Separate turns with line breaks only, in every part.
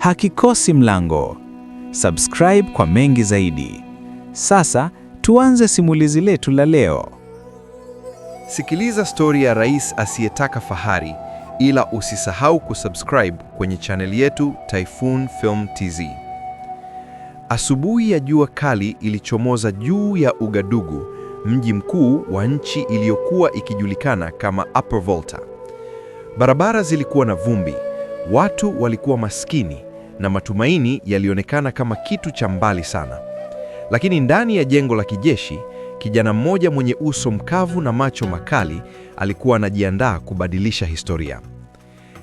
hakikosi mlango. Subscribe kwa mengi zaidi. Sasa tuanze simulizi letu la leo.
Sikiliza stori ya rais asiyetaka fahari, ila usisahau kusubscribe kwenye chaneli yetu Typhoon Film TZ. Asubuhi ya jua kali ilichomoza juu ya Ugadugu, mji mkuu wa nchi iliyokuwa ikijulikana kama Upper Volta. Barabara zilikuwa na vumbi, watu walikuwa maskini na matumaini yalionekana kama kitu cha mbali sana. Lakini ndani ya jengo la kijeshi, kijana mmoja mwenye uso mkavu na macho makali alikuwa anajiandaa kubadilisha historia.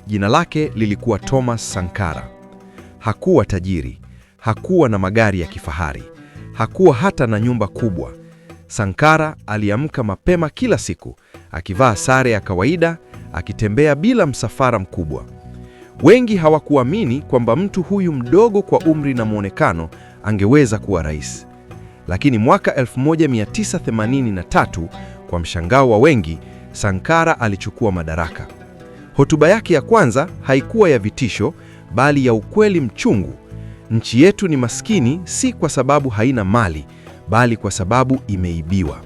Jina lake lilikuwa Thomas Sankara. Hakuwa tajiri, hakuwa na magari ya kifahari, hakuwa hata na nyumba kubwa. Sankara aliamka mapema kila siku, akivaa sare ya kawaida, akitembea bila msafara mkubwa. Wengi hawakuamini kwamba mtu huyu mdogo kwa umri na mwonekano angeweza kuwa rais. Lakini mwaka 1983 kwa mshangao wa wengi, Sankara alichukua madaraka. Hotuba yake ya kwanza haikuwa ya vitisho, bali ya ukweli mchungu. Nchi yetu ni maskini, si kwa sababu haina mali, bali kwa sababu imeibiwa.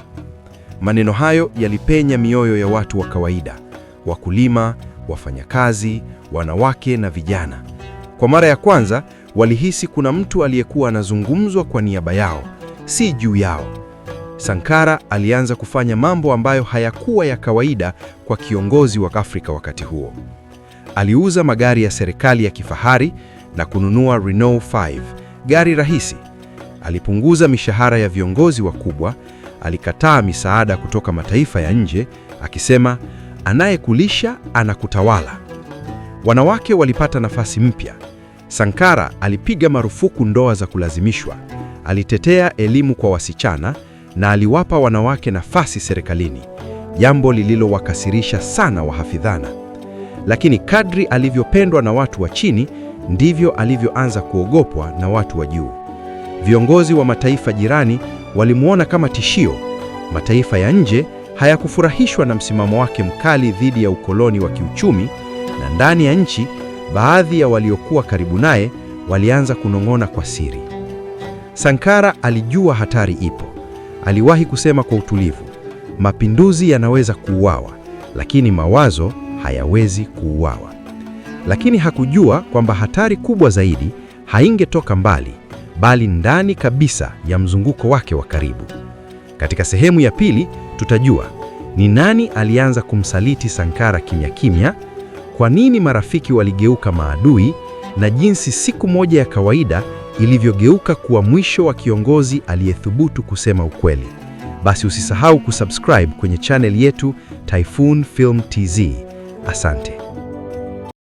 Maneno hayo yalipenya mioyo ya watu wa kawaida, wakulima, wafanyakazi wanawake na vijana. Kwa mara ya kwanza walihisi kuna mtu aliyekuwa anazungumzwa kwa niaba yao, si juu yao. Sankara alianza kufanya mambo ambayo hayakuwa ya kawaida kwa kiongozi wa Afrika wakati huo. Aliuza magari ya serikali ya kifahari na kununua Renault 5, gari rahisi. Alipunguza mishahara ya viongozi wakubwa, alikataa misaada kutoka mataifa ya nje akisema, anayekulisha anakutawala. Wanawake walipata nafasi mpya. Sankara alipiga marufuku ndoa za kulazimishwa, alitetea elimu kwa wasichana na aliwapa wanawake nafasi serikalini, jambo lililowakasirisha sana wahafidhana. Lakini kadri alivyopendwa na watu wa chini, ndivyo alivyoanza kuogopwa na watu wa juu. Viongozi wa mataifa jirani walimwona kama tishio. Mataifa ya nje hayakufurahishwa na msimamo wake mkali dhidi ya ukoloni wa kiuchumi na ndani ya nchi, baadhi ya waliokuwa karibu naye walianza kunong'ona kwa siri. Sankara alijua hatari ipo. Aliwahi kusema kwa utulivu, mapinduzi yanaweza kuuawa, lakini mawazo hayawezi kuuawa. Lakini hakujua kwamba hatari kubwa zaidi haingetoka mbali, bali ndani kabisa ya mzunguko wake wa karibu. Katika sehemu ya pili tutajua ni nani alianza kumsaliti Sankara kimya kimya kwa nini marafiki waligeuka maadui na jinsi siku moja ya kawaida ilivyogeuka kuwa mwisho wa kiongozi aliyethubutu kusema ukweli. Basi usisahau kusubscribe kwenye channel yetu Typhoon Film TZ. Asante.